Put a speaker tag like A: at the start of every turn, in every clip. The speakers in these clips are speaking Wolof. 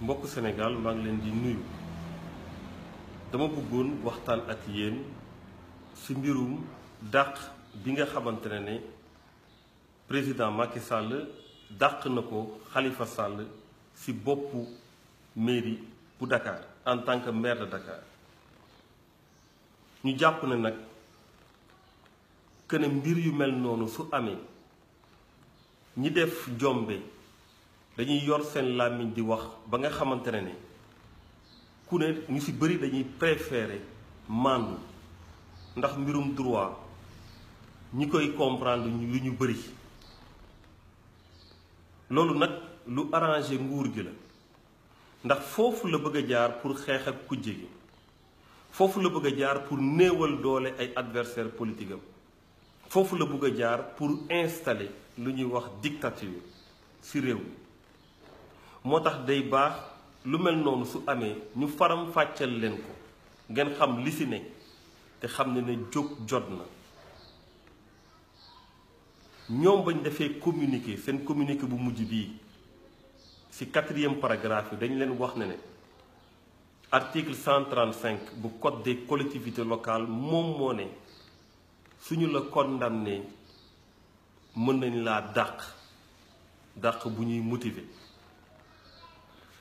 A: mbokk Sénégal maa leen di nuyu dama bëggoon waxtaan ak yéen ci mbirum dàq bi nga xamante ne ne président Macky sàll dàq na ko xalifa sàll ci boppu mairie bu Dakar en tant que maire de ñu jàpp ne nag kënam mbir yu mel noonu su amee ñi def jombe dañuy yor seen làmmiñ di wax ba nga xamante ne ne ku ne ñu ci bëri dañuy préférer màndu ndax mbirum droit ñi koy comprendre lu ñu bëri loolu nag lu arrangé nguur gi la ndax foofu la bëgg a jaar pour xeex ak kujje gi foofu la bëgg a jaar pour néewal doole ay adversaire politique foofu la bëgg a jaar pour installer lu ñuy wax dictature ci réew moo tax day baax lu mel noonu su amee ñu faram fàcceel leen ko ngeen xam li si ne te xam ne ne jóg jot na ñoom bañ defee communiqué seen communiqué bu mujj bii ci quatrième paragraphe yi dañ leen wax ne ne article 135 bu code des collectivités locales moom moo ne suñu la condamné mën nañ laa dàq dàq bu ñuy motiver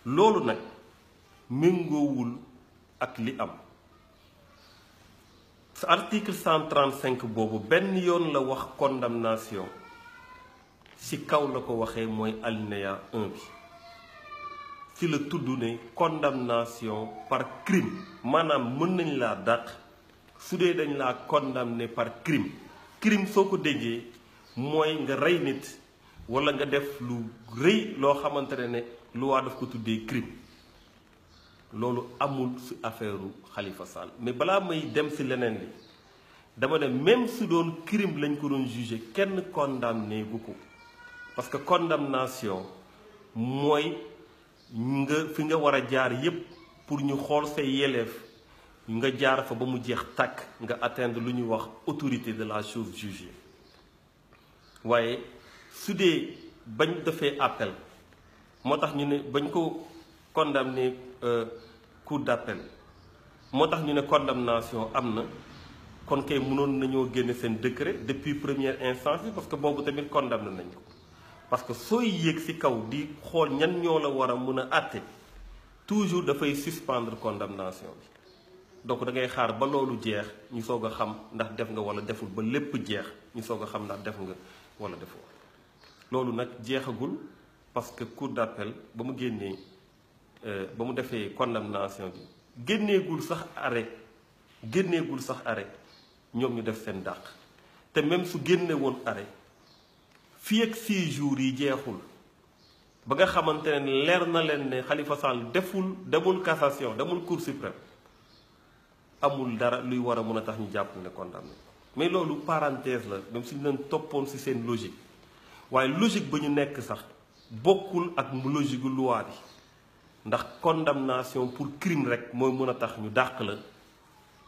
A: loolu nag méngoowul ak li am sa article 135 boobu benn yoon la wax condamnation ci kaw la ko waxee mooy alinéa 1 bi ci la tudd ne condamnation par crime maanaam mën nañ laa dàq su dee dañ laa condamné par crime crime soo ko déggee mooy nga rey nit walla nga def lu rëy loo xamante ne ne loi daf ko tuddee crime loolu amul si affaire xalifa Sall mais balaa may dem si leneen li dama ne même su doon crime lañ ko doon jugé kenn condamné gu ko parce que condamnation mooy nga fi nga war a jaar yépp pour ñu xool sa yeleef nga jaar fa ba mu jeex tàkk nga atteindre lu ñuy wax autorité de la chose jugée waaye su dee bañ defee appel moo tax ñu ne bañ ko condamné euh, cour d'appel moo tax ñu ne condamnation am na kon kay mënoon nañoo génne seen décret depuis première instance bi parce que boobu tamit condamné nañ ko parce que sooy yéeg ci kaw di xool ñan ñoo la war a mun a àtte toujours dafay suspendre condamnation bi donc da ngay xaar ba loolu jeex ñu soog a xam ndax def nga walla deful ba lépp jeex ñu soog a xam ndax def nga walla defoo loolu nag jeexagul. parce que cour d'appel ba mu génnee euh, ba mu defee condamnation bi génneegul sax arrêt génneegul sax arrêt ñoom ñu def seen dàq te même su génne woon arrêt fii si six jours yi jeexul ba nga xamante ne leer na leen ne xalifa Sall deful demul cassation demul cour suprême amul dara luy war a mën a tax ñu jàpp ne condamné mais loolu parenthèse la même suñu leen toppoon ci seen logique waaye logique ba ñu nekk sax bokkul ak logique gu loi bi ndax condamnation pour crime rek mooy mën a tax ñu dàq la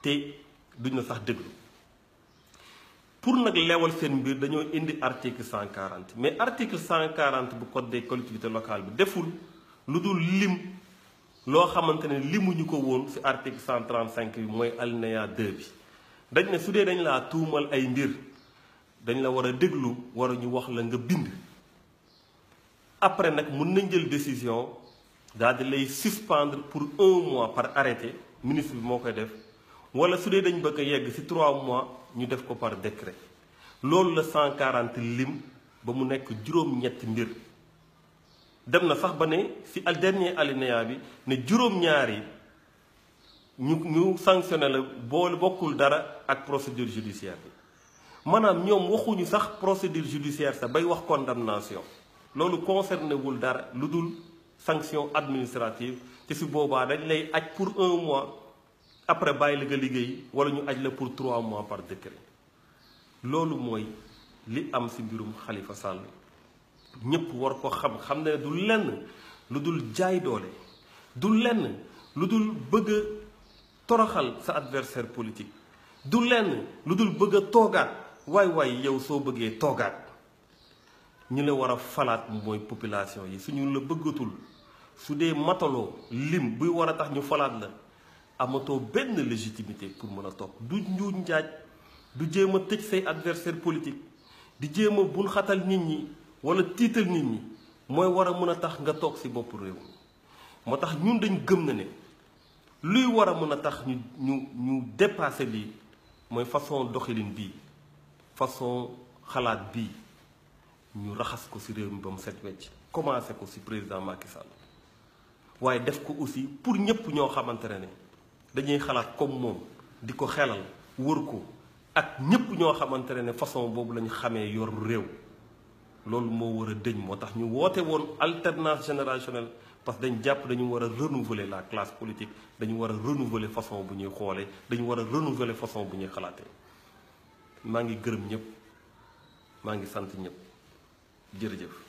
A: te duñ la sax déglu pour nag leewal seen mbir dañoo indi cent 140 mais article 140 bu code des collectivités locales bi deful lu dul lim loo xamante ne limuñu ko woon ci article 135 bi mooy alinéa 2 bi dañ ne su dee dañ laa tuumal ay mbir dañ la war a déglu war a ñu wax la nga bind après nag mën nañ jël décision daal di lay suspendre pour un mois par arrêté ministre bi moo koy def wala su dee dañ bëgg a yegg ci trois mois ñu def ko par décret loolu la cent 140 lim ba mu nekk juróom-ñetti mbir dem na sax ba ne ci al dernier alinéa bi ne juróom-ñaar ñu ñu sanctionné la boole bokkul dara ak procédure judiciaire bi maanaam ñoom waxuñu sax procédure judiciaire sax bay wax condamnation loolu concerné wul dara lu dul sanction administrative te si boobaa dañ lay aj pour un mois après bàyyi la nga liggéey wala ñu aj la pour trois mois par décret loolu mooy li am si mbirum xalifa Sall ñëpp war ko xam xam ne du lenn lu dul jaay doole du lenn lu dul bëgg toroxal sa adversaire politique du lenn lu dul bëgg a toogaat waay waay yow soo bëggee toogaat ñu la war a falaat mooy population yi suñu la bëggatul su dee mataloo lim buy war a tax ñu falaat la amatoo benn légitimité pour mën a toog du njuuj njaaj du jéem a tëj say adversaire politique di jéem a bul xatal nit ñi wala tiital nit ñi mooy war a mën a tax nga toog ci bopp réew mi moo tax ñun dañ gëm na ne luy war a mën a tax ñu ñu ñu dépasser lii mooy façon doxilin bii façon xalaat bii ñu raxas ko ci réew mi ba mu set wecc commencé ko ci président Macky Sall waaye def ko aussi pour ñëpp ñoo xamante ne dañuy xalaat comme moom di ko xelal wër ko ak ñëpp ñoo xamante ne façon boobu la ñu xamee yor réew loolu moo war a dëñ moo tax ñu woote woon alternance générationnelle parce que dañ jàpp dañu war a renouveler la classe politique dañu war a renouveler façon bu ñuy xoolee dañu war a renouveler façon bu ñuy xalaatee maa ngi gërëm ñëpp maa ngi sant ñëpp. jërëjëf